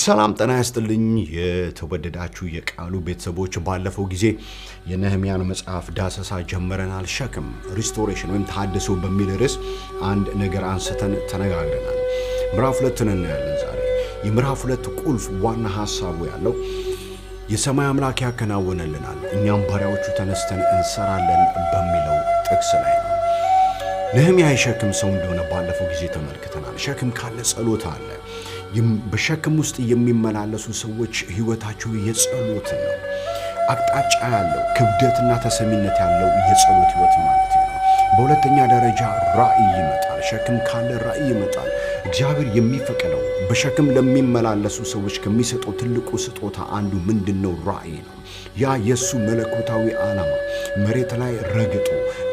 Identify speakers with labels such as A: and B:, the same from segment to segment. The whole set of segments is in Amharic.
A: ሰላም ጤና ያስጥልኝ። የተወደዳችሁ የቃሉ ቤተሰቦች፣ ባለፈው ጊዜ የነህሚያን መጽሐፍ ዳሰሳ ጀምረናል። ሸክም ሪስቶሬሽን ወይም ታደሰው በሚል ርዕስ አንድ ነገር አንስተን ተነጋግረናል። ምዕራፍ ሁለትን እናያለን ዛሬ። የምዕራፍ ሁለት ቁልፍ ዋና ሀሳቡ ያለው የሰማይ አምላክ ያከናውንልናል፣ እኛም ባሪያዎቹ ተነስተን እንሰራለን በሚለው ጥቅስ ላይ ነው። ነህሚያ የሸክም ሰው እንደሆነ ባለፈው ጊዜ ተመልክተናል። ሸክም ካለ ጸሎት አለ። በሸክም ውስጥ የሚመላለሱ ሰዎች ህይወታቸው የጸሎት ነው። አቅጣጫ ያለው ክብደትና ተሰሚነት ያለው የጸሎት ህይወት ማለት ነው። በሁለተኛ ደረጃ ራእይ ይመጣል። ሸክም ካለ ራእይ ይመጣል። እግዚአብሔር የሚፈቅደው በሸክም ለሚመላለሱ ሰዎች ከሚሰጠው ትልቁ ስጦታ አንዱ ምንድን ነው? ራእይ ነው። ያ የእሱ መለኮታዊ ዓላማ መሬት ላይ ረግጦ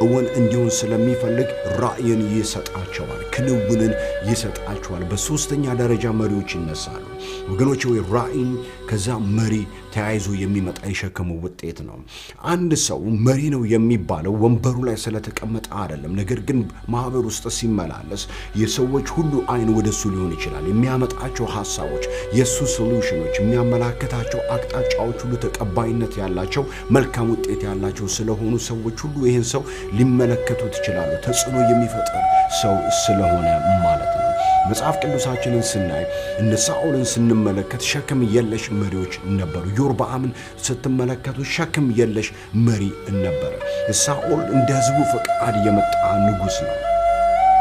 A: እውን እንዲሆን ስለሚፈልግ ራእይን ይሰጣቸዋል፣ ክንውንን ይሰጣቸዋል። በሦስተኛ ደረጃ መሪዎች ይነሳሉ። ወገኖች ወይ ራእይ ከዛ መሪ ተያይዞ የሚመጣ የሸክሙ ውጤት ነው። አንድ ሰው መሪ ነው የሚባለው ወንበሩ ላይ ስለተቀመጠ አይደለም። ነገር ግን ማህበር ውስጥ ሲመላለስ የሰዎች ሁሉ አይን ወደሱ ሊሆን ይችላል። የሚያመጣቸው ሀሳቦች፣ የእሱ ሶሉሽኖች፣ የሚያመላክታቸው አቅጣጫዎች ሁሉ ተቀባይነት ያላቸው መልካም ውጤት ያላቸው ስለሆኑ ሰዎች ሁሉ ይህን ሰው ሊመለከቱት ይችላሉ። ተጽዕኖ የሚፈጥር ሰው ስለሆነ ማለት ነው። መጽሐፍ ቅዱሳችንን ስናይ እነ ሳኦልን ስንመለከት ሸክም የለሽ መሪዎች ነበሩ። ዮርብዓምን ስትመለከቱ ሸክም የለሽ መሪ ነበረ። ሳኦል እንደ ሕዝቡ ፈቃድ የመጣ ንጉሥ ነው።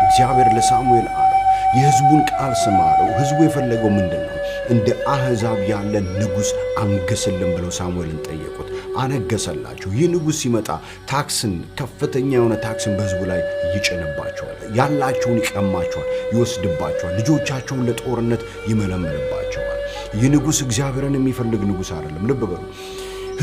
A: እግዚአብሔር ለሳሙኤል አለው፣ የሕዝቡን ቃል ስማ አለው። ሕዝቡ የፈለገው ምንድን ነው? እንደ አህዛብ ያለ ንጉሥ አንገስልን ብለው ሳሙኤልን ጠየቁት። አነገሰላቸው። ይህ ንጉሥ ሲመጣ ታክስን፣ ከፍተኛ የሆነ ታክስን በሕዝቡ ላይ ይጭንባቸዋል። ያላቸውን ይቀማቸዋል፣ ይወስድባቸዋል። ልጆቻቸውን ለጦርነት ይመለምልባቸዋል። ይህ ንጉሥ እግዚአብሔርን የሚፈልግ ንጉሥ አይደለም። ልብ በሉ።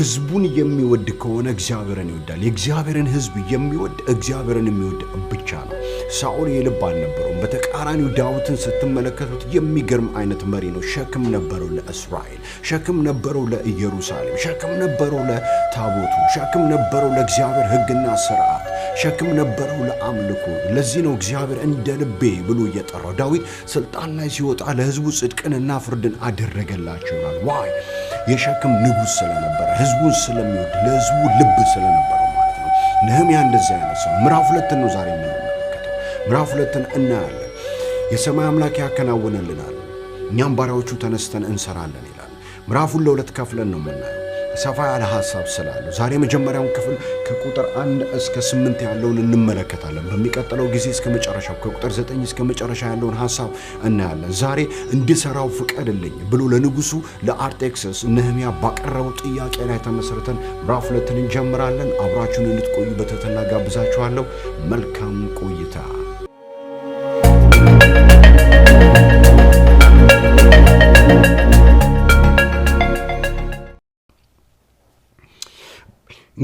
A: ህዝቡን የሚወድ ከሆነ እግዚአብሔርን ይወዳል። የእግዚአብሔርን ህዝብ የሚወድ እግዚአብሔርን የሚወድ ብቻ ነው። ሳኦል የልብ አልነበረውም። በተቃራኒው ዳዊትን ስትመለከቱት የሚገርም አይነት መሪ ነው። ሸክም ነበረው ለእስራኤል፣ ሸክም ነበረው ለኢየሩሳሌም፣ ሸክም ነበረው ለታቦቱ፣ ሸክም ነበረው ለእግዚአብሔር ሕግና ስርዓት፣ ሸክም ነበረው ለአምልኮ። ለዚህ ነው እግዚአብሔር እንደ ልቤ ብሎ እየጠራው። ዳዊት ስልጣን ላይ ሲወጣ ለህዝቡ ጽድቅንና ፍርድን አደረገላቸው ይላል። ዋይ የሸክም ንጉሥ ስለነበረ ህዝቡን ስለሚወድ ለህዝቡ ልብ ስለነበረው ማለት ነው። ነህምያ እንደዚህ አይነት ሰው ምዕራፍ ሁለት ነው ዛሬ ምዕራፍ ሁለትን እናያለን። የሰማይ አምላክ ያከናውንልናል፣ እኛም ባሪያዎቹ ተነስተን እንሰራለን ይላል። ምዕራፉን ለሁለት ከፍለን ነው የምናየው ሰፋ ያለ ሀሳብ ስላለው ዛሬ የመጀመሪያውን ክፍል ከቁጥር አንድ እስከ ስምንት ያለውን እንመለከታለን። በሚቀጥለው ጊዜ እስከ መጨረሻው ከቁጥር ዘጠኝ እስከ መጨረሻ ያለውን ሀሳብ እናያለን። ዛሬ እንድሰራው ፍቀድልኝ ብሎ ለንጉሱ ለአርጤክስስ ነህሚያ ባቀረበው ጥያቄ ላይ ተመሰርተን ምዕራፍ ሁለትን እንጀምራለን። አብራችሁን እንድትቆዩ በትህትና ጋብዛችኋለሁ። መልካም ቆይታ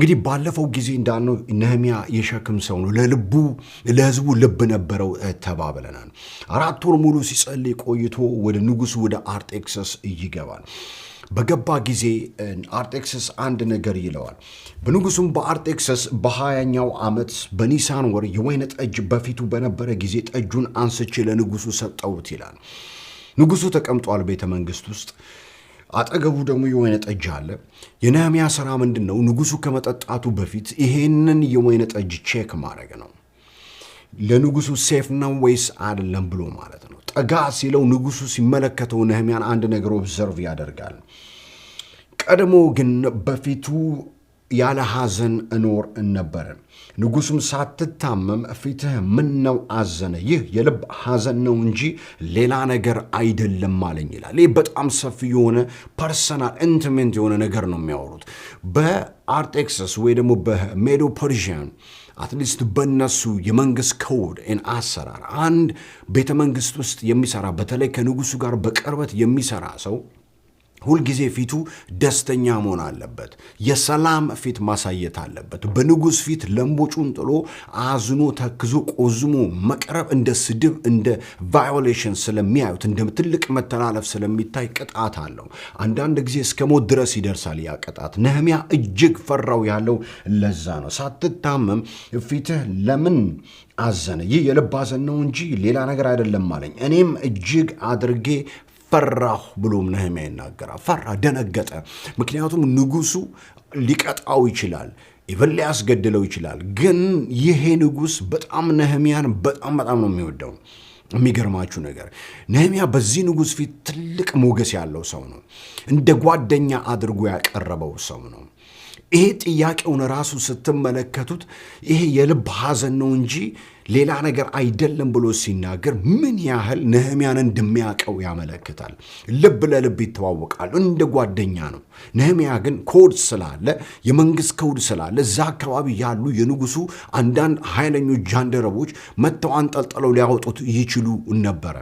A: እንግዲህ ባለፈው ጊዜ እንዳልነው ነህሚያ የሸክም ሰው ነው። ለልቡ ለህዝቡ ልብ ነበረው ተባብለናል። አራት ወር ሙሉ ሲጸልይ ቆይቶ ወደ ንጉሱ ወደ አርጤክሰስ ይገባል። በገባ ጊዜ አርጤክሰስ አንድ ነገር ይለዋል። በንጉሱም በአርጤክሰስ በሀያኛው ዓመት በኒሳን ወር የወይነ ጠጅ በፊቱ በነበረ ጊዜ ጠጁን አንስቼ ለንጉሱ ሰጠውት ይላል። ንጉሱ ተቀምጧል ቤተ መንግስት ውስጥ አጠገቡ ደግሞ የወይነ ጠጅ አለ። የነህምያ ስራ ምንድን ነው? ንጉሱ ከመጠጣቱ በፊት ይሄንን የወይነ ጠጅ ቼክ ማድረግ ነው። ለንጉሱ ሴፍ ነው ወይስ አይደለም ብሎ ማለት ነው። ጠጋ ሲለው ንጉሱ ሲመለከተው ነህምያን አንድ ነገር ኦብዘርቭ ያደርጋል። ቀድሞ ግን በፊቱ ያለ ሐዘን እኖር ነበር። ንጉሱም ሳትታመም ፊትህ ምን ነው አዘነ? ይህ የልብ ሐዘን ነው እንጂ ሌላ ነገር አይደለም አለኝ ይላል። ይህ በጣም ሰፊ የሆነ ፐርሰናል ኢንቲሜንት የሆነ ነገር ነው የሚያወሩት በአርጤክስስ ወይ ደግሞ በሜዶ ፐርዥያን አትሊስት በእነሱ የመንግስት ኮድ አሰራር አንድ ቤተ መንግስት ውስጥ የሚሰራ በተለይ ከንጉሱ ጋር በቅርበት የሚሰራ ሰው ሁልጊዜ ፊቱ ደስተኛ መሆን አለበት። የሰላም ፊት ማሳየት አለበት። በንጉሥ ፊት ለምቦጩን ጥሎ አዝኖ ተክዞ ቆዝሞ መቅረብ እንደ ስድብ፣ እንደ ቫዮሌሽን ስለሚያዩት እንደ ትልቅ መተላለፍ ስለሚታይ ቅጣት አለው። አንዳንድ ጊዜ እስከ ሞት ድረስ ይደርሳል ያ ቅጣት። ነህሚያ እጅግ ፈራው ያለው ለዛ ነው። ሳትታመም ፊትህ ለምን አዘነ? ይህ የልብ ሐዘን ነው እንጂ ሌላ ነገር አይደለም አለኝ። እኔም እጅግ አድርጌ ፈራሁ ብሎም ነህሚያ ይናገራል። ፈራ፣ ደነገጠ። ምክንያቱም ንጉሱ ሊቀጣው ይችላል ኢቨን ሊያስገድለው ይችላል። ግን ይሄ ንጉስ በጣም ነህሚያን በጣም በጣም ነው የሚወደው። የሚገርማችሁ ነገር ነህሚያ በዚህ ንጉስ ፊት ትልቅ ሞገስ ያለው ሰው ነው። እንደ ጓደኛ አድርጎ ያቀረበው ሰው ነው። ይሄ ጥያቄውን ራሱ ስትመለከቱት ይሄ የልብ ሐዘን ነው እንጂ ሌላ ነገር አይደለም ብሎ ሲናገር ምን ያህል ነህሚያን እንደሚያውቀው ያመለክታል። ልብ ለልብ ይተዋወቃሉ፣ እንደ ጓደኛ ነው። ነህሚያ ግን ኮድ ስላለ የመንግስት ኮድ ስላለ እዛ አካባቢ ያሉ የንጉሱ አንዳንድ ኃይለኞች ጃንደረቦች መጥተው አንጠልጥለው ሊያወጡት ይችሉ ነበረ።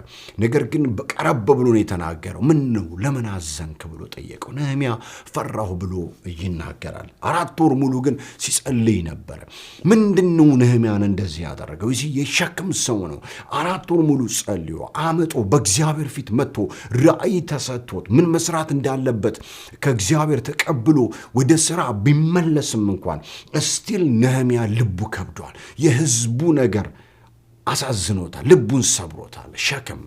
A: ነገር ግን በቀረብ ብሎ ነው የተናገረው። ምን ነው ለምን አዘንክ ብሎ ጠየቀው። ነህሚያ ፈራሁ ብሎ ይናገራል። አራት ወር ሙሉ ግን ሲጸልይ ነበረ። ምንድን ነው ነህሚያን እንደዚህ ያደረገው? ነው። እዚህ የሸክም ሰው ነው። አራት ወር ሙሉ ጸልዮ አመጦ በእግዚአብሔር ፊት መጥቶ ራእይ ተሰጥቶት ምን መስራት እንዳለበት ከእግዚአብሔር ተቀብሎ ወደ ስራ ቢመለስም እንኳን እስቲል ነህሚያ ልቡ ከብዷል። የህዝቡ ነገር አሳዝኖታል። ልቡን ሰብሮታል። ሸክም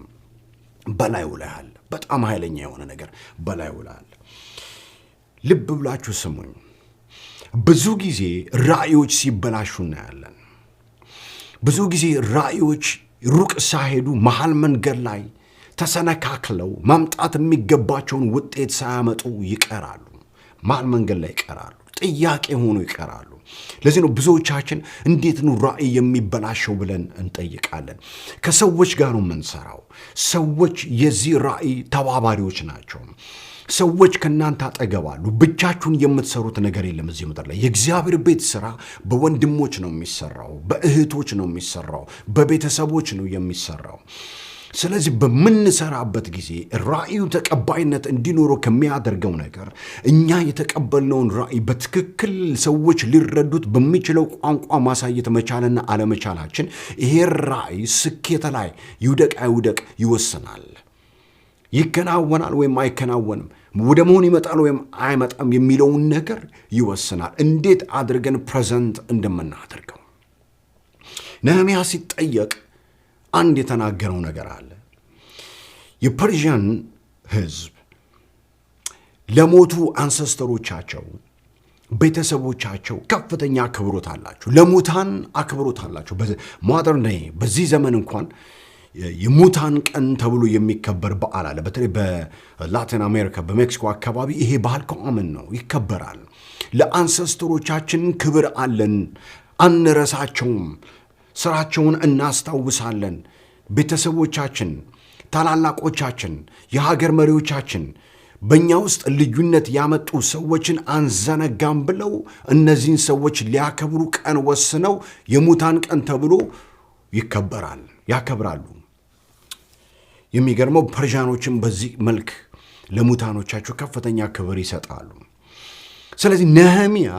A: በላይ ላይ በጣም ኃይለኛ የሆነ ነገር በላይ ላይ ልብ ብላችሁ ስሙኝ። ብዙ ጊዜ ራእዮች ሲበላሹ እናያለን። ብዙ ጊዜ ራእዮች ሩቅ ሳይሄዱ መሃል መንገድ ላይ ተሰነካክለው ማምጣት የሚገባቸውን ውጤት ሳያመጡ ይቀራሉ። መሃል መንገድ ላይ ይቀራሉ፣ ጥያቄ ሆኖ ይቀራሉ። ለዚህ ነው ብዙዎቻችን እንዴት ነው ራእይ የሚበላሸው ብለን እንጠይቃለን። ከሰዎች ጋር ነው የምንሰራው። ሰዎች የዚህ ራእይ ተባባሪዎች ናቸው። ሰዎች ከእናንተ አጠገብ አሉ። ብቻችሁን የምትሰሩት ነገር የለም እዚህ ምድር ላይ። የእግዚአብሔር ቤት ስራ በወንድሞች ነው የሚሰራው፣ በእህቶች ነው የሚሰራው፣ በቤተሰቦች ነው የሚሰራው። ስለዚህ በምንሰራበት ጊዜ ራእዩ ተቀባይነት እንዲኖረው ከሚያደርገው ነገር እኛ የተቀበልነውን ራእይ በትክክል ሰዎች ሊረዱት በሚችለው ቋንቋ ማሳየት መቻልና አለመቻላችን ይሄ ራእይ ስኬት ላይ ይውደቅ አይውደቅ ይወስናል። ይከናወናል ወይም አይከናወንም። ወደ መሆን ይመጣል ወይም አይመጣም የሚለውን ነገር ይወስናል። እንዴት አድርገን ፕሬዘንት እንደምናደርገው ነህምያ ሲጠየቅ አንድ የተናገረው ነገር አለ። የፐርዥያን ህዝብ ለሞቱ አንሰስተሮቻቸው ቤተሰቦቻቸው ከፍተኛ አክብሮት አላቸው። ለሙታን አክብሮት አላቸው። ሞደርን በዚህ ዘመን እንኳን የሙታን ቀን ተብሎ የሚከበር በዓል አለ። በተለይ በላቲን አሜሪካ በሜክሲኮ አካባቢ ይሄ ባህል ከምን ነው ይከበራል። ለአንሰስተሮቻችን ክብር አለን፣ አንረሳቸውም፣ ስራቸውን እናስታውሳለን። ቤተሰቦቻችን፣ ታላላቆቻችን፣ የሀገር መሪዎቻችን በእኛ ውስጥ ልዩነት ያመጡ ሰዎችን አንዘነጋም ብለው እነዚህን ሰዎች ሊያከብሩ ቀን ወስነው የሙታን ቀን ተብሎ ይከበራል፣ ያከብራሉ። የሚገርመው ፐርዣኖችን በዚህ መልክ ለሙታኖቻቸው ከፍተኛ ክብር ይሰጣሉ። ስለዚህ ነህሚያ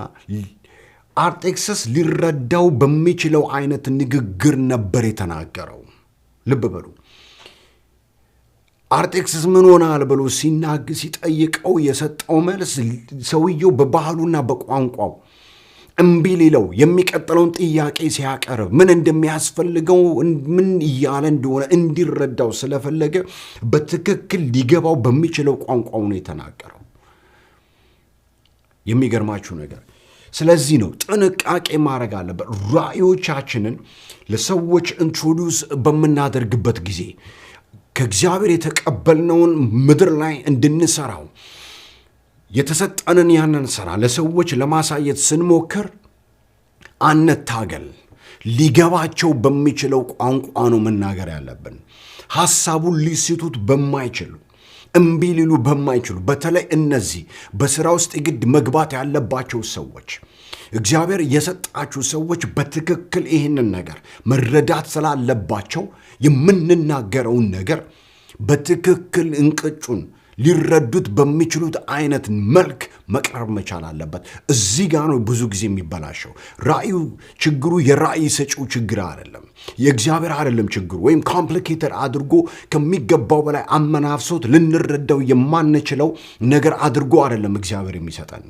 A: አርጤክሰስ ሊረዳው በሚችለው አይነት ንግግር ነበር የተናገረው። ልብ በሉ አርጤክስስ ምን ሆናል ብሎ ሲናግ ሲጠይቀው የሰጠው መልስ ሰውየው በባህሉና በቋንቋው እምቢ ሊለው የሚቀጥለውን ጥያቄ ሲያቀርብ ምን እንደሚያስፈልገው ምን እያለ እንደሆነ እንዲረዳው ስለፈለገ በትክክል ሊገባው በሚችለው ቋንቋው ነው የተናገረው። የሚገርማችሁ ነገር ስለዚህ ነው ጥንቃቄ ማድረግ አለበት። ራእዮቻችንን ለሰዎች ኢንትሮዲውስ በምናደርግበት ጊዜ ከእግዚአብሔር የተቀበልነውን ምድር ላይ እንድንሰራው የተሰጠንን ያንን ሥራ ለሰዎች ለማሳየት ስንሞክር አንታገል። ሊገባቸው በሚችለው ቋንቋ ነው መናገር ያለብን። ሐሳቡን ሊስቱት በማይችሉ እምቢ ሊሉ በማይችሉ በተለይ እነዚህ በሥራ ውስጥ የግድ መግባት ያለባቸው ሰዎች እግዚአብሔር የሰጣችሁ ሰዎች በትክክል ይህንን ነገር መረዳት ስላለባቸው የምንናገረውን ነገር በትክክል እንቅጩን ሊረዱት በሚችሉት አይነት መልክ መቅረብ መቻል አለበት። እዚህ ጋ ነው ብዙ ጊዜ የሚበላሸው። ራእዩ ችግሩ የራእይ ሰጪው ችግር አይደለም፣ የእግዚአብሔር አይደለም ችግሩ። ወይም ኮምፕሊኬተድ አድርጎ ከሚገባው በላይ አመናፍሶት ልንረዳው የማንችለው ነገር አድርጎ አይደለም እግዚአብሔር የሚሰጠን፣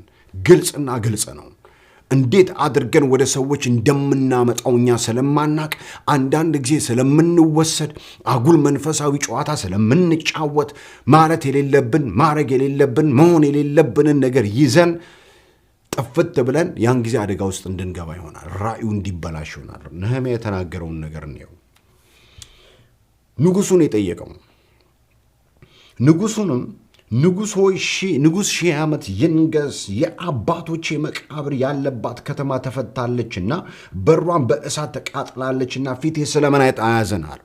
A: ግልጽና ግልጽ ነው። እንዴት አድርገን ወደ ሰዎች እንደምናመጣው እኛ ስለማናቅ፣ አንዳንድ ጊዜ ስለምንወሰድ፣ አጉል መንፈሳዊ ጨዋታ ስለምንጫወት፣ ማለት የሌለብን ማድረግ የሌለብን መሆን የሌለብንን ነገር ይዘን ጥፍት ብለን ያን ጊዜ አደጋ ውስጥ እንድንገባ ይሆናል። ራእዩ እንዲበላሽ ይሆናል። ነህምያ የተናገረውን ነገር እንየው። ንጉሱን የጠየቀው ንጉሱንም ንጉሥ ሆይ ንጉሥ ሺህ ዓመት ይንገስ። የአባቶቼ መቃብር ያለባት ከተማ ተፈታለችና በሯን በእሳት ተቃጥላለችና ፊቴ ስለምን አይጣያዘናል?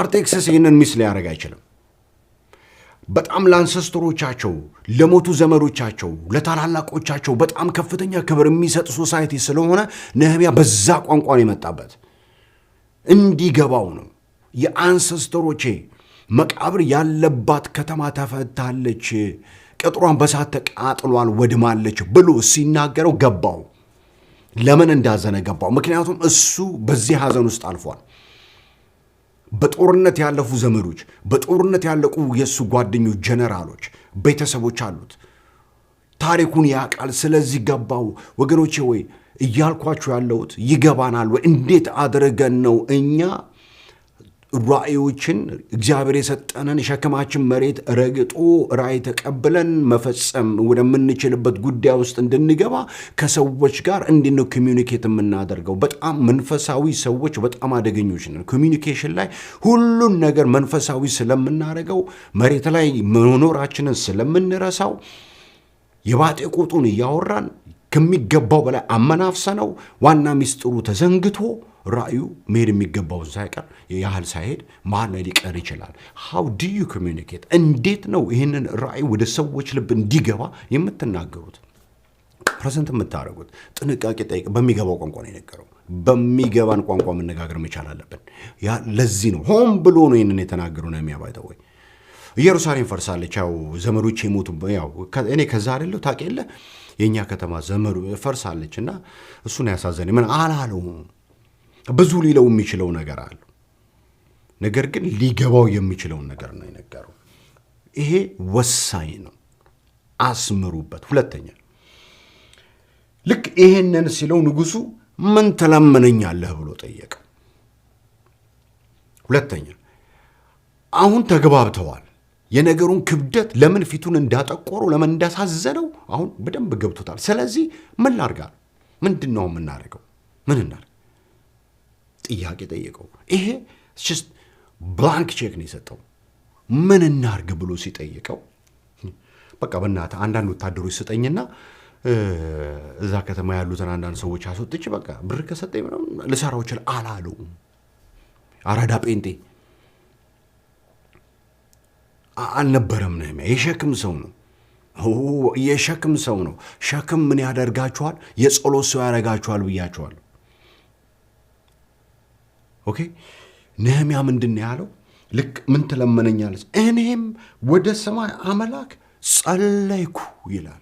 A: አርጤክስስ ይህንን ሚስ ሊያደርግ አይችልም። በጣም ለአንሰስተሮቻቸው ለሞቱ ዘመዶቻቸው፣ ለታላላቆቻቸው በጣም ከፍተኛ ክብር የሚሰጥ ሶሳይቲ ስለሆነ ነህሚያ በዛ ቋንቋ ነው የመጣበት። እንዲገባው ነው የአንሰስተሮቼ መቃብር ያለባት ከተማ ተፈታለች፣ ቅጥሯን በሳት ተቃጥሏል፣ ወድማለች ብሎ ሲናገረው ገባው። ለምን እንዳዘነ ገባው። ምክንያቱም እሱ በዚህ ሀዘን ውስጥ አልፏል። በጦርነት ያለፉ ዘመዶች፣ በጦርነት ያለቁ የእሱ ጓደኞች፣ ጀነራሎች፣ ቤተሰቦች አሉት። ታሪኩን ያውቃል። ስለዚህ ገባው። ወገኖቼ ወይ እያልኳችሁ ያለሁት ይገባናል ወይ? እንዴት አድርገን ነው እኛ ራእዮችን እግዚአብሔር የሰጠንን የሸክማችን መሬት ረግጦ ራእይ ተቀብለን መፈጸም ወደምንችልበት ጉዳይ ውስጥ እንድንገባ ከሰዎች ጋር እንዲህ ነው ኮሚኒኬት የምናደርገው። በጣም መንፈሳዊ ሰዎች በጣም አደገኞች ነን። ኮሚኒኬሽን ላይ ሁሉን ነገር መንፈሳዊ ስለምናደርገው መሬት ላይ መኖራችንን ስለምንረሳው የባጤ ቁጡን እያወራን ከሚገባው በላይ አመናፍሰ ነው ዋና ሚስጥሩ ተዘንግቶ ራእዩ መሄድ የሚገባውን ሳይቀር ያህል ሳይሄድ መሀል ላይ ሊቀር ይችላል። ሀው ዱ ዩ ኮሚኒኬት፣ እንዴት ነው ይህንን ራእይ ወደ ሰዎች ልብ እንዲገባ የምትናገሩት? ፕሬዘንት የምታደርጉት ጥንቃቄ ጠይቅ። በሚገባው ቋንቋ ነው የነገረው። በሚገባን ቋንቋ መነጋገር መቻል አለብን። ያ ለዚህ ነው ሆን ብሎ ነው ይህንን የተናገሩ ነው የሚያባይተው ወይ ኢየሩሳሌም ፈርሳለች፣ ያው ዘመዶች የሞቱ ያው እኔ ከዛ አይደለሁ ታውቅ የለ የእኛ ከተማ ዘመዱ ፈርሳለች እና እሱን ያሳዘነ ምን አላለውም ብዙ ሊለው የሚችለው ነገር አለ። ነገር ግን ሊገባው የሚችለውን ነገር ነው የነገረው። ይሄ ወሳኝ ነው፣ አስምሩበት። ሁለተኛ ልክ ይሄንን ሲለው ንጉሱ ምን ትለምነኛለህ ብሎ ጠየቀ። ሁለተኛ አሁን ተግባብተዋል። የነገሩን ክብደት ለምን ፊቱን እንዳጠቆረው ለምን እንዳሳዘነው አሁን በደንብ ገብቶታል። ስለዚህ ምን ላርጋል? ምንድን ነው የምናደርገው? ምን እናርግ? ጥያቄ ጠየቀው። ይሄ ብላንክ ቼክ ነው የሰጠው። ምን እናርግ ብሎ ሲጠይቀው በቃ በእናትህ አንዳንድ ወታደሮች ስጠኝና እዛ ከተማ ያሉትን አንዳንድ ሰዎች አስወጥቼ በቃ ብር ከሰጠኝ ምናምን ልሰራው ይችላል አራዳ ጴንጤ አልነበረም። ነህሚያ የሸክም ሰው ነው። የሸክም ሰው ነው። ሸክም ምን ያደርጋችኋል? የጸሎት ሰው ያደርጋችኋል ብያችኋል። ኦኬ ነህምያ ምንድን ያለው? ልክ ምን ትለመነኛለች? እኔም ወደ ሰማይ አመላክ ጸለይኩ ይላል።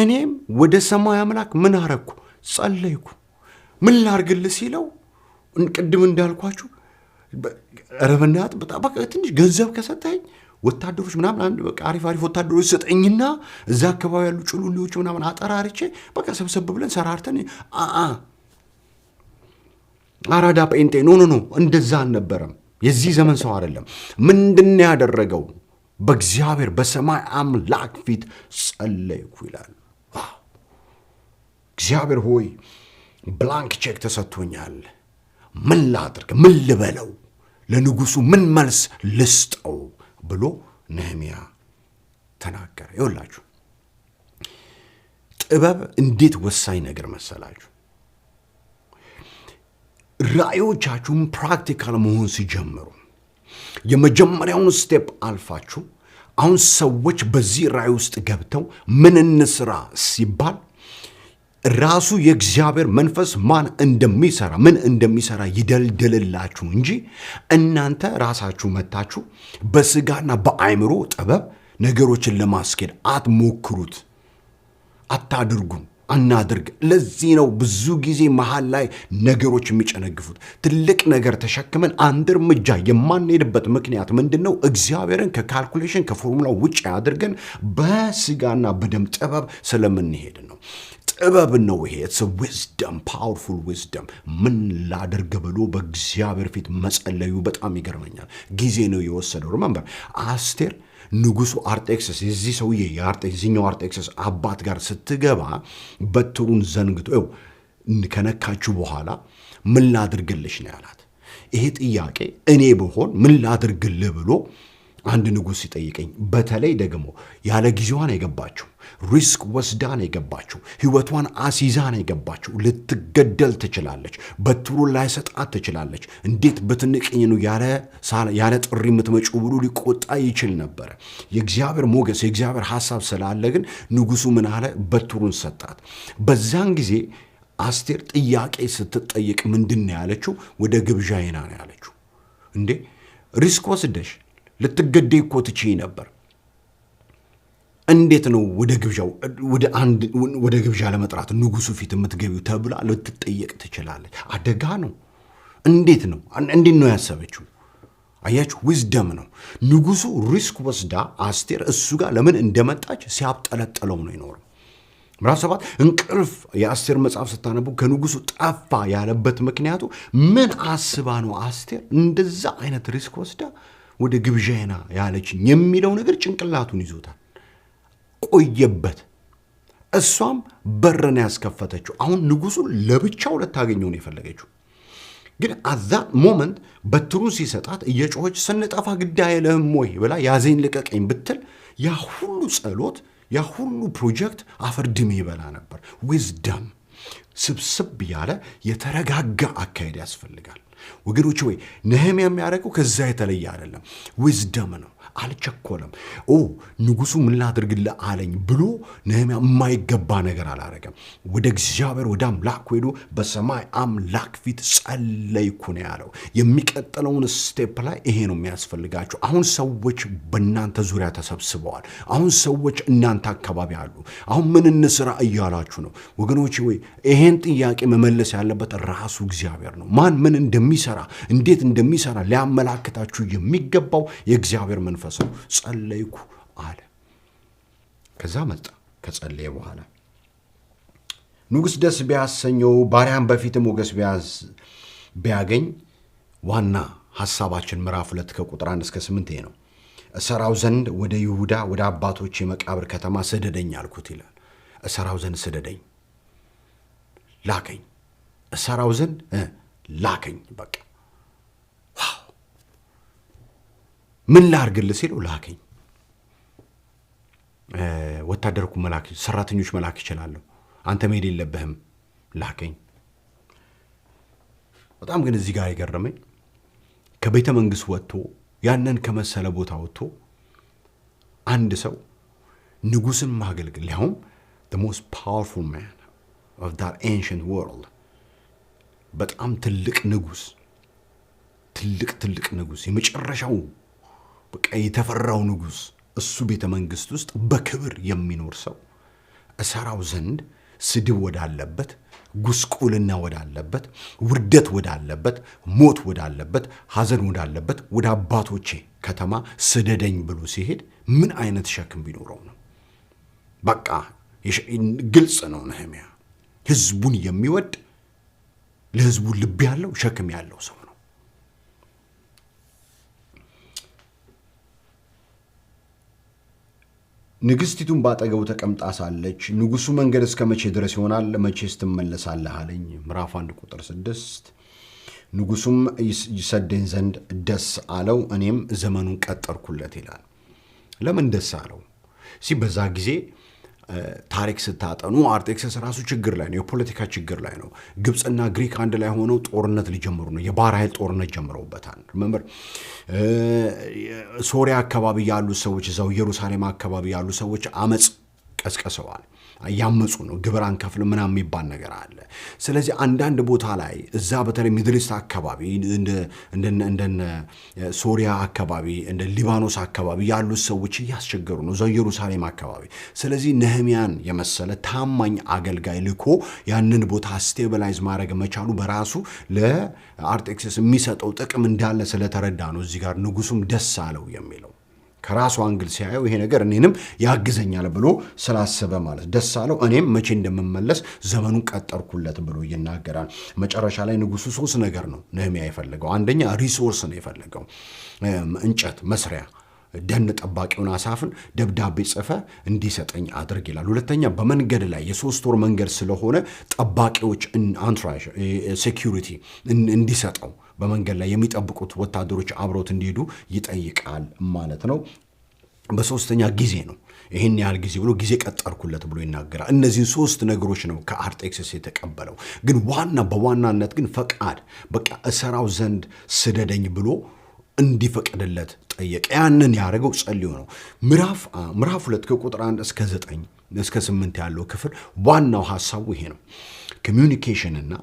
A: እኔም ወደ ሰማይ አምላክ ምን አረግኩ? ጸለይኩ። ምን ላርግል ሲለው ቅድም እንዳልኳችሁ ረበናት በጣም ትንሽ ገንዘብ ከሰጠኝ ወታደሮች ምናምን አንድ በቃ አሪፍ አሪፍ ወታደሮች ሰጠኝና እዛ አካባቢ ያሉ ጭሉሌዎች ምናምን አጠራርቼ በቃ ሰብሰብ ብለን ሰራርተን አራዳ ጴንጤ ኖ ኖ ኖ፣ እንደዛ አልነበረም። የዚህ ዘመን ሰው አይደለም። ምንድን ያደረገው? በእግዚአብሔር በሰማይ አምላክ ፊት ጸለይኩ ይላል። እግዚአብሔር ሆይ ብላንክ ቼክ ተሰጥቶኛል። ምን ላድርግ? ምን ልበለው? ለንጉሱ ምን መልስ ልስጠው? ብሎ ነህሚያ ተናገረ። ይወላችሁ ጥበብ እንዴት ወሳኝ ነገር መሰላችሁ! ራእዮቻችሁን ፕራክቲካል መሆን ሲጀምሩ የመጀመሪያውን ስቴፕ አልፋችሁ አሁን ሰዎች በዚህ ራእይ ውስጥ ገብተው ምን እንስራ ሲባል ራሱ የእግዚአብሔር መንፈስ ማን እንደሚሰራ ምን እንደሚሰራ ይደልድልላችሁ እንጂ እናንተ ራሳችሁ መታችሁ በስጋና በአይምሮ ጥበብ ነገሮችን ለማስኬድ አትሞክሩት፣ አታድርጉም። አናድርግ። ለዚህ ነው ብዙ ጊዜ መሀል ላይ ነገሮች የሚጨነግፉት። ትልቅ ነገር ተሸክመን አንድ እርምጃ የማንሄድበት ምክንያት ምንድን ነው? እግዚአብሔርን ከካልኩሌሽን ከፎርሙላ ውጭ አድርገን በስጋና በደም ጥበብ ስለምንሄድ ነው። ጥበብ ነው ይሄ። ኢትስ ዊዝደም ፓወርፉል ዊዝደም። ምን ላድርግ ብሎ በእግዚአብሔር ፊት መጸለዩ በጣም ይገርመኛል። ጊዜ ነው የወሰደው። ሪመምበር አስቴር ንጉሱ አርጤክሰስ የዚህ ሰውዬ የዚኛው አርጤክሰስ አባት ጋር ስትገባ በትሩን ዘንግቶ ው ከነካችሁ በኋላ ምን ላድርግልሽ ነው ያላት። ይሄ ጥያቄ እኔ ብሆን ምን ላድርግልህ ብሎ አንድ ንጉሥ ሲጠይቀኝ በተለይ ደግሞ ያለ ጊዜዋን የገባችው ሪስክ ወስዳን የገባችው ህይወቷን አሲዛን የገባችው ልትገደል ትችላለች። በትሩን ላይሰጣት ትችላለች። እንዴት ብትንቅኝ ነው ያለ ጥሪ የምትመጪው ብሎ ሊቆጣ ይችል ነበረ። የእግዚአብሔር ሞገስ የእግዚአብሔር ሀሳብ ስላለ ግን ንጉሱ ምን አለ? በትሩን ሰጣት። በዛን ጊዜ አስቴር ጥያቄ ስትጠይቅ ምንድን ነው ያለችው? ወደ ግብዣ ይና ነው ያለችው። እንዴ ሪስክ ወስደሽ ልትገደይ እኮ ትችይ ነበር። እንዴት ነው ወደ ግብዣው ወደ አንድ ወደ ግብዣ ለመጥራት ንጉሱ ፊት የምትገቢው ተብላ ልትጠየቅ ትችላለች። አደጋ ነው። እንዴት ነው እንዴት ነው ያሰበችው? አያችሁ፣ ዊዝደም ነው። ንጉሱ ሪስክ ወስዳ አስቴር እሱ ጋር ለምን እንደመጣች ሲያብጠለጥለው ነው ይኖረው? ምዕራፍ ሰባት እንቅልፍ የአስቴር መጽሐፍ ስታነቡ ከንጉሱ ጠፋ ያለበት ምክንያቱ ምን አስባ ነው? አስቴር እንደዛ አይነት ሪስክ ወስዳ ወደ ግብዣና ያለችኝ የሚለው ነገር ጭንቅላቱን ይዞታል። ቆየበት። እሷም በረን ያስከፈተችው አሁን ንጉሱን ለብቻው ልታገኘው ነው የፈለገችው። ግን አዛ ሞመንት በትሩን ሲሰጣት እየጮኸች ስንጠፋ ግድ አይልህም ወይ ብላ ያዘኝ ልቀቀኝ ብትል ያ ሁሉ ጸሎት፣ ያ ሁሉ ፕሮጀክት አፈርድሜ ይበላ ነበር። ዊዝደም ስብስብ ያለ የተረጋጋ አካሄድ ያስፈልጋል። ወገኖች ወይ ነህሚያ የሚያደርገው ከዛ የተለየ አይደለም፣ ዊዝደም ነው። አልቸኮለም። ኦ ንጉሱ ምን ላድርግልህ አለኝ ብሎ ነህምያ የማይገባ ነገር አላረገም። ወደ እግዚአብሔር ወደ አምላክ ሄዶ በሰማይ አምላክ ፊት ጸለይኩ ነው ያለው። የሚቀጥለውን ስቴፕ ላይ ይሄ ነው የሚያስፈልጋቸው። አሁን ሰዎች በእናንተ ዙሪያ ተሰብስበዋል። አሁን ሰዎች እናንተ አካባቢ አሉ። አሁን ምን እንስራ እያላችሁ ነው ወገኖች። ወይ ይሄን ጥያቄ መመለስ ያለበት ራሱ እግዚአብሔር ነው። ማን ምን እንደሚሰራ እንዴት እንደሚሰራ ሊያመላክታችሁ የሚገባው የእግዚአብሔር መንፈስ መንፈስ ጸለይኩ አለ። ከዛ መጣ። ከጸለየ በኋላ ንጉሥ ደስ ቢያሰኘው ባሪያን በፊት ሞገስ ቢያገኝ ዋና ሐሳባችን ምዕራፍ ሁለት ከቁጥር አንድ እስከ ስምንት ይሄ ነው። እሰራው ዘንድ ወደ ይሁዳ ወደ አባቶች የመቃብር ከተማ ስደደኝ አልኩት ይላል። እሰራው ዘንድ ስደደኝ ላከኝ፣ እሰራው ዘንድ ላከኝ። በቃ ምን ላርግልህ ሲለው ላከኝ። ወታደርኩ መላክ ሰራተኞች መላክ ይችላለሁ፣ አንተ መሄድ የለብህም ላከኝ። በጣም ግን እዚህ ጋር የገረመኝ ከቤተ መንግስት ወጥቶ ያንን ከመሰለ ቦታ ወጥቶ አንድ ሰው ንጉስን ማገልገል ሊያውም the most powerful man of that ancient world በጣም ትልቅ ንጉስ ትልቅ ትልቅ ንጉስ የመጨረሻው በቃ የተፈራው ንጉሥ እሱ ቤተ መንግሥት ውስጥ በክብር የሚኖር ሰው እሰራው ዘንድ ስድብ ወዳለበት፣ ጉስቁልና ወዳለበት፣ ውርደት ወዳለበት፣ ሞት ወዳለበት፣ ሐዘን ወዳለበት ወደ አባቶቼ ከተማ ስደደኝ ብሎ ሲሄድ ምን አይነት ሸክም ቢኖረው ነው? በቃ ግልጽ ነው። ነህምያ ህዝቡን የሚወድ ለህዝቡ ልብ ያለው ሸክም ያለው ሰው ንግሥቲቱን ባጠገቡ ተቀምጣ ሳለች ንጉሡ መንገድ እስከ መቼ ድረስ ይሆናል? መቼስ ትመለሳለህ አለኝ። ምዕራፍ 1 ቁጥር 6 ንጉሡም ይሰደኝ ዘንድ ደስ አለው፣ እኔም ዘመኑን ቀጠርኩለት ይላል። ለምን ደስ አለው? በዛ ጊዜ ታሪክ ስታጠኑ አርጤክስስ ራሱ ችግር ላይ ነው፣ የፖለቲካ ችግር ላይ ነው። ግብፅና ግሪክ አንድ ላይ ሆነው ጦርነት ሊጀምሩ ነው። የባህር ኃይል ጦርነት ጀምረውበታል። መምር ሶሪያ አካባቢ ያሉ ሰዎች እዛው ኢየሩሳሌም አካባቢ ያሉ ሰዎች አመፅ ቀስቀሰዋል እያመፁ ነው፣ ግብር አንከፍልም ምናም የሚባል ነገር አለ። ስለዚህ አንዳንድ ቦታ ላይ እዛ በተለይ ሚድልስት አካባቢ እንደነ ሶሪያ አካባቢ እንደ ሊባኖስ አካባቢ ያሉት ሰዎች እያስቸገሩ ነው፣ እዛ ኢየሩሳሌም አካባቢ። ስለዚህ ነህሚያን የመሰለ ታማኝ አገልጋይ ልኮ ያንን ቦታ ስቴብላይዝ ማድረግ መቻሉ በራሱ ለአርጤክስስ የሚሰጠው ጥቅም እንዳለ ስለተረዳ ነው እዚህ ጋር ንጉሱም ደስ አለው የሚለው ከራሱ አንግል ሲያየው ይሄ ነገር እኔንም ያግዘኛል ብሎ ስላሰበ ማለት ደስ አለው። እኔም መቼ እንደምመለስ ዘመኑን ቀጠርኩለት ብሎ ይናገራል። መጨረሻ ላይ ንጉሱ ሶስት ነገር ነው ነህሚያ የፈለገው። አንደኛ ሪሶርስ ነው የፈለገው፣ እንጨት መስሪያ ደን ጠባቂውን አሳፍን ደብዳቤ ጽፈ እንዲሰጠኝ አድርግ ይላል። ሁለተኛ በመንገድ ላይ የሶስት ወር መንገድ ስለሆነ ጠባቂዎች አንትራሽ ሴኪሪቲ እንዲሰጠው በመንገድ ላይ የሚጠብቁት ወታደሮች አብሮት እንዲሄዱ ይጠይቃል ማለት ነው። በሶስተኛ ጊዜ ነው ይህን ያህል ጊዜ ብሎ ጊዜ ቀጠርኩለት ብሎ ይናገራል። እነዚህን ሶስት ነገሮች ነው ከአርጤክስስ የተቀበለው። ግን ዋና በዋናነት ግን ፈቃድ በቃ እሰራው ዘንድ ስደደኝ ብሎ እንዲፈቀድለት ጠየቀ። ያንን ያደረገው ጸልዮ ነው። ምዕራፍ ሁለት ከቁጥር አንድ እስከ ዘጠኝ እስከ ስምንት ያለው ክፍል ዋናው ሀሳቡ ይሄ ነው። ኮሚኒኬሽንና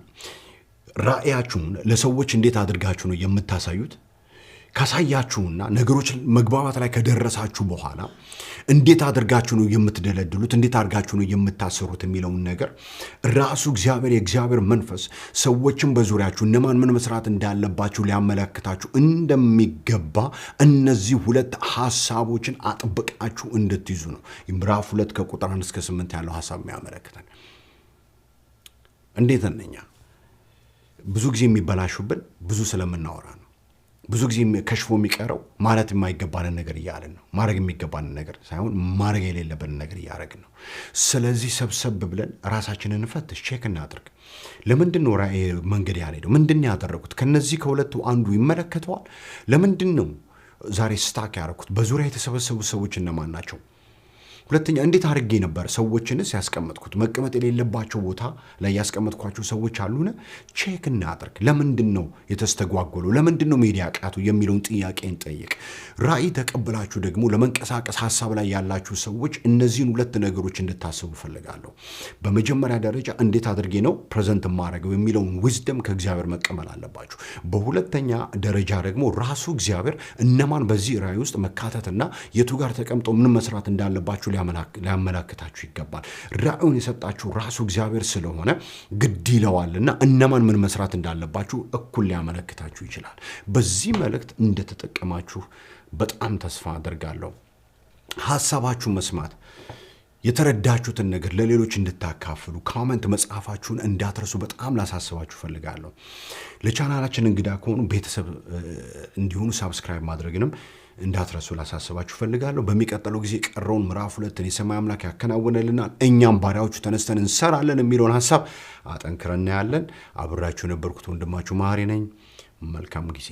A: ራእያችሁን ለሰዎች እንዴት አድርጋችሁ ነው የምታሳዩት? ካሳያችሁና ነገሮች መግባባት ላይ ከደረሳችሁ በኋላ እንዴት አድርጋችሁ ነው የምትደለድሉት? እንዴት አድርጋችሁ ነው የምታሰሩት የሚለውን ነገር ራሱ እግዚአብሔር የእግዚአብሔር መንፈስ ሰዎችን በዙሪያችሁ እነማን ምን መስራት እንዳለባችሁ ሊያመለክታችሁ እንደሚገባ እነዚህ ሁለት ሀሳቦችን አጥብቃችሁ እንድትይዙ ነው ምዕራፍ ሁለት ከቁጥር አንድ እስከ ስምንት ያለው ሀሳብ የሚያመለክተን እንዴት እነኛ ብዙ ጊዜ የሚበላሹብን ብዙ ስለምናወራ ነው። ብዙ ጊዜ ከሽፎ የሚቀረው ማለት የማይገባንን ነገር እያለን ነው። ማድረግ የሚገባንን ነገር ሳይሆን ማድረግ የሌለብንን ነገር እያደረግን ነው። ስለዚህ ሰብሰብ ብለን ራሳችንን እንፈትሽ፣ ቼክ እናድርግ። ለምንድን ነው መንገድ ያልሄደው? ምንድን ነው ያደረጉት? ከነዚህ ከሁለቱ አንዱ ይመለከተዋል። ለምንድን ነው ዛሬ ስታክ ያደረኩት? በዙሪያ የተሰበሰቡ ሰዎች እነማን ናቸው? ሁለተኛ እንዴት አድርጌ ነበር ሰዎችንስ ያስቀመጥኩት? መቀመጥ የሌለባቸው ቦታ ላይ ያስቀመጥኳቸው ሰዎች አሉን? ቼክ እናድርግ። ለምንድን ነው የተስተጓጎሉ? ለምንድን ነው ሜዲያ ቃቱ የሚለውን ጥያቄ እንጠይቅ። ራዕይ ተቀብላችሁ ደግሞ ለመንቀሳቀስ ሀሳብ ላይ ያላችሁ ሰዎች እነዚህን ሁለት ነገሮች እንድታስቡ እፈልጋለሁ። በመጀመሪያ ደረጃ እንዴት አድርጌ ነው ፕሬዘንት ማድረገው የሚለውን ዊዝደም ከእግዚአብሔር መቀበል አለባችሁ። በሁለተኛ ደረጃ ደግሞ ራሱ እግዚአብሔር እነማን በዚህ ራዕይ ውስጥ መካተትና የቱ ጋር ተቀምጦ ምን መስራት እንዳለባችሁ ሊያመላክታችሁ ይገባል። ራዕዩን የሰጣችሁ ራሱ እግዚአብሔር ስለሆነ ግድ ይለዋልና እነማን ምን መስራት እንዳለባችሁ እኩል ሊያመለክታችሁ ይችላል። በዚህ መልእክት እንደተጠቀማችሁ በጣም ተስፋ አደርጋለሁ። ሀሳባችሁ መስማት የተረዳችሁትን ነገር ለሌሎች እንድታካፍሉ ኮመንት መጽሐፋችሁን እንዳትረሱ በጣም ላሳስባችሁ ፈልጋለሁ። ለቻናላችን እንግዳ ከሆኑ ቤተሰብ እንዲሆኑ ሳብስክራይብ ማድረግንም እንዳትረሱ ላሳስባችሁ ፈልጋለሁ። በሚቀጥለው ጊዜ ቀረውን ምዕራፍ ሁለትን የሰማይ አምላክ ያከናውንልናል፣ እኛም ባሪያዎቹ ተነስተን እንሰራለን የሚለውን ሀሳብ አጠንክረን እናያለን። አብራችሁ የነበርኩት ወንድማችሁ መሃሪ ነኝ። መልካም ጊዜ